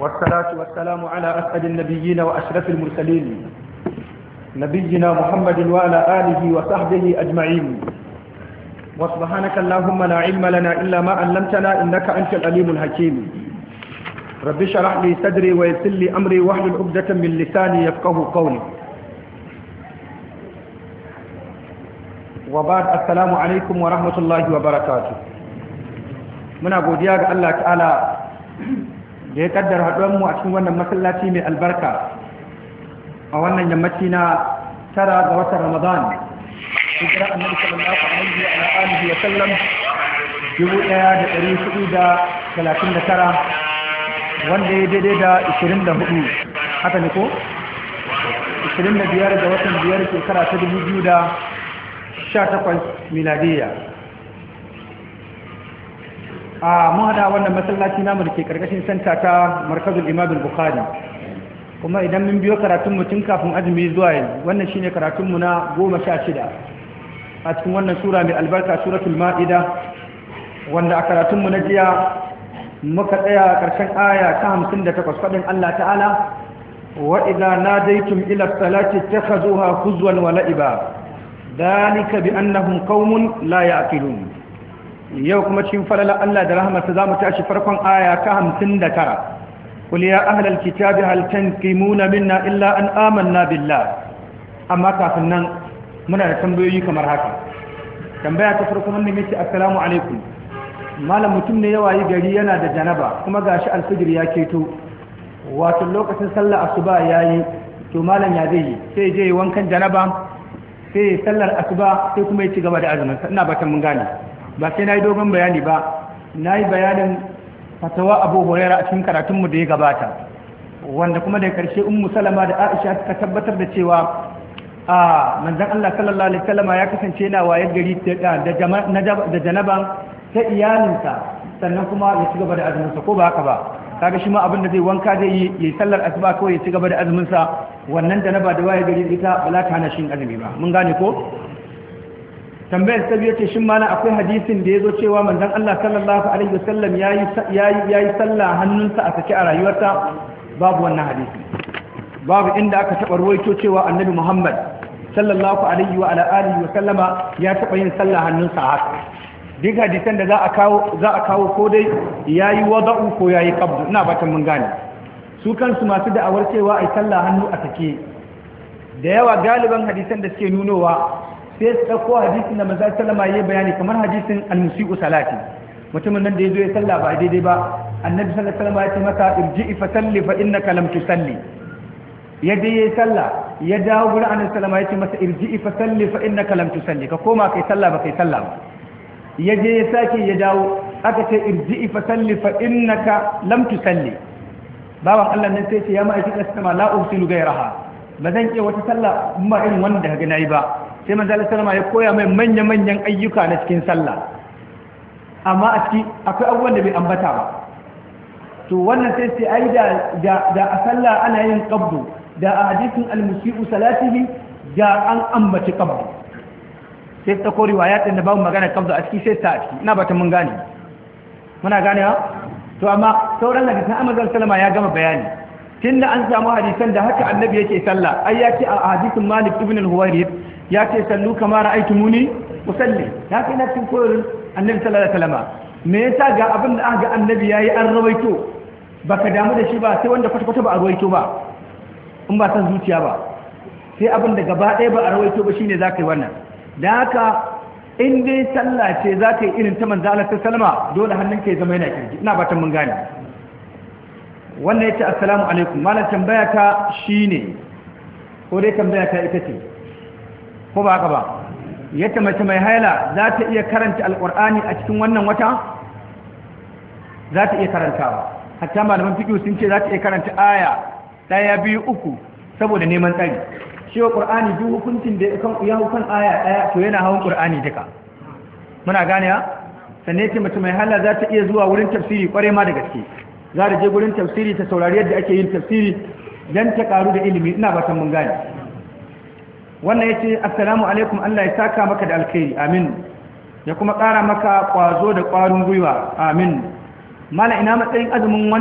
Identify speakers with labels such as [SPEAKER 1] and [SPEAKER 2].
[SPEAKER 1] والصلاة والسلام على أسعد النبيين وأشرف المرسلين نبينا محمد وعلى آله وصحبه أجمعين وسبحانك اللهم لا علم لنا إلا ما علمتنا إنك أنت العليم الحكيم رب اشرح لي صدري ويسر لي أمري واحلل عقدة من لساني يفقه قولي وبعد السلام عليكم ورحمة الله وبركاته muna godiya ga Allah ta'ala da ya kaddara haɗuwar mu a cikin wannan masallaci mai albarka a wannan yammaci na tara ga watan ramadan hijira annabi sallallahu alaihi wa alihi wa sallam dubu ɗaya da ɗari hudu da talatin da tara wanda ya daidai da ishirin da hudu haka ne ko ishirin da biyar ga watan biyar shekara ta dubu biyu da sha takwas miladiyya a mahada wannan masallaci namu da ke karkashin santa ta markazul imam bukhari kuma idan mun biyo karatun mutum tun kafin azumi zuwa yanzu wannan shine karatun mu na shida. a cikin wannan sura mai albarka suratul maida wanda a karatun mu na jiya muka tsaya karshen aya ta hamsin takwas faɗin Allah ta'ala wa idza nadaytum ila salati takhuzuha huzwan wa la'iba dhalika bi annahum qaumun la ya'qilun yau kuma cikin falalar Allah da rahmatu za mu tashi farkon aya ta hamsin da tara kuli ya ahalar bi halittar kimuna minna illa an amanna billah amma kafin nan muna da tambayoyi kamar haka tambaya ta farko wannan mace assalamu alaikum malam mutum ne yawa yi gari yana da janaba kuma gashi alfijir ya keto wato lokacin sallar asuba yi to malam ya zai yi sai je wankan janaba sai sallar asuba sai kuma ya ci gaba da azumin ina batan mun gane ba sai na yi dogon bayani ba na yi bayanin fatawa abu huraira a cikin karatunmu da ya gabata wanda kuma daga karshe ummu salama da aisha suka tabbatar da cewa a manzan Allah sallallahu alaihi wasallam ya kasance yana wayar gari da janaban ta iyalinsa sannan kuma ya ci gaba da azuminsa ko ba haka ba kaga shi ma abin da zai wanka zai yi ya yi sallar asuba ko ya ci gaba da azuminsa wannan janaba da wayar gari da ita ba za ta hana shi azumi ba mun gane ko tambayar sabi ya ce shin mana akwai hadisin da ya zo cewa manzon Allah sallallahu alaihi wasallam yayi yayi yayi sallah hannunsa a sake a rayuwarsa babu wannan hadisi babu inda aka taba ruwaito cewa annabi Muhammad sallallahu alaihi wa ala alihi wa sallama ya taba yin sallah hannunsa haka duk hadisan da za a kawo za a kawo ko dai yayi wada'u ko yayi qabdu ina batan mun gane su kansu masu da'awar cewa ai sallah hannu a sake da yawa galiban hadisan da suke nunowa sai su ɗauko hadisin da manzo sallama yi bayani kamar hadisin al-musii'u salati mutumin nan da ya zo ya salla ba daidai ba annabi sallallahu alaihi wasallam ya ce masa irji'i fa salli fa innaka lam tusalli ya je yayi salla ya dawo gurin annabi sallallahu alaihi wasallam ya ce masa irji'i fa salli fa innaka lam tusalli ka koma kai salla ba kai salla ba ya je ya sake ya dawo aka ce irji'i fa salli fa innaka lam tusalli baban Allah nan sai ce ya ma'aikin asma la ufsilu gairaha ba zan iya wata sallah in ba irin wanda ga yi ba sai manzo Allah sallama ya koya mai manya manyan ayyuka na cikin sallah amma a ciki akwai abubuwan da bai ambata ba to wannan sai sai ai da da a sallah ana yin qabdu da a hadisin al-musii'u salatihi da an ambaci qabdu sai ta kori riwaya din da babu magana qabdu a ciki sai ta a ciki ina ba ta mun gane muna gane ha to amma sauran da ta sallallahu alaihi wasallam ya gama bayani Tinda an samu hadisan da haka annabi yake sallah ai ya ce a hadisin malik ibn al-huwairid ya ce sallu kama ra'aytumuni usalli ya kai na cikin koyar annabi sallallahu alaihi wasallam me yasa ga abin da aka ga annabi yayi an rawaito baka damu da shi ba sai wanda kwata-kwata ba a rawaito ba in ba san zuciya ba sai abin da gaba ɗaya ba a rawaito ba shine zaka yi wannan da haka in dai sallah ce zaka yi irin ta manzo Allah sallallahu alaihi wasallam dole hannunka ya zama yana kirji ina fatan mun gane wannan ya ce assalamu alaikum malar tambaya ta shi ne ko dai tambaya ta ita ce ko ba haka ba ya mace mai haila za ta iya karanta alƙur'ani a cikin wannan wata za ta iya karanta ba, hatta malaman fiƙi sun ce za ta iya karanta aya ɗaya biyu uku saboda neman tsari cewa ƙur'ani duk hukuncin da ya hukun aya ɗaya to yana hawan ƙur'ani duka muna gane ya sannan ce mace mai hala za ta iya zuwa wurin tafsiri ƙwarai ma da gaske za ta je gurin tafsiri ta saurari yadda ake yin tafsiri dan ta karu da ilimi ina san mun gane wannan yace assalamu alaikum Allah ya saka maka da alkhairi amin ya kuma kara maka kwazo da kwarin gwiwa amin mala ina matsayin azumin